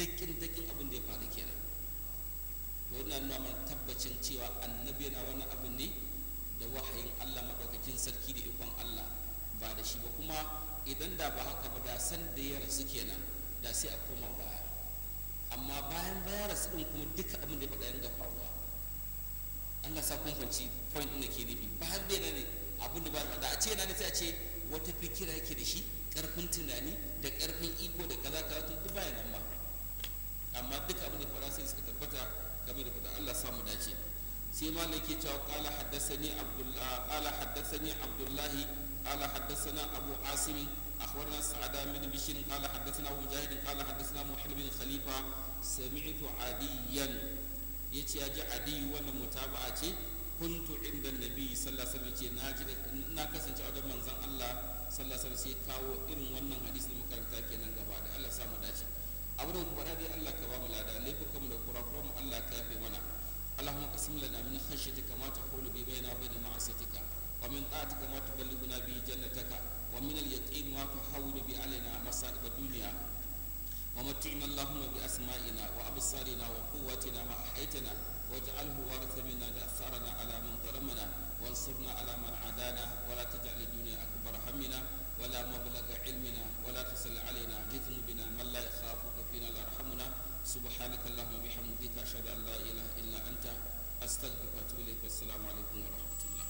dakin dakin abin da ya faru kenan to ina nuna mana tabbacin cewa annabi yana wannan abin ne da wahayin Allah madaukakin sarki da ikon Allah ba da shi ba kuma idan da ba haka ba da san da ya rasu kenan da sai a koma baya amma bayan bayan rasu din kuma duka abin da ya faɗa yanga faruwa Allah sa kun fanci point ɗin da ke nufi har bai ne abin da ba da a ce na ne sai a ce wata fikira yake da shi karfin tunani da karfin iko da kaza kaza to duk bayanan ma ce suka tabbata game da fada Allah samu dace sai malam ke cewa qala haddathani abdullah qala haddathani abdullah abu asim akhbarana sa'da min kala haddasa haddathana mujahid kala haddasa muhammad bin khalifa sami'tu adiyan yace ya ji adi wannan mutaba'a ce kuntu inda nabi sallallahu ce na kasance a manzon Allah sallallahu sai kawo irin wannan hadis da makaranta ke kenan gaba واقسم لنا من خشيتك ما تحول به بيننا وبين معصيتك ومن طاعتك ما تبلغنا به جنتك ومن اليقين ما تحول به علينا مصائب الدنيا ومتعنا اللهم بأسمائنا وأبصارنا وقوتنا ما أحيتنا واجعله وارث منا لأثارنا على من ظلمنا وانصرنا على من عادانا ولا تجعل الدنيا أكبر همنا ولا مبلغ استغفرك واتوب اليك والسلام عليكم ورحمه الله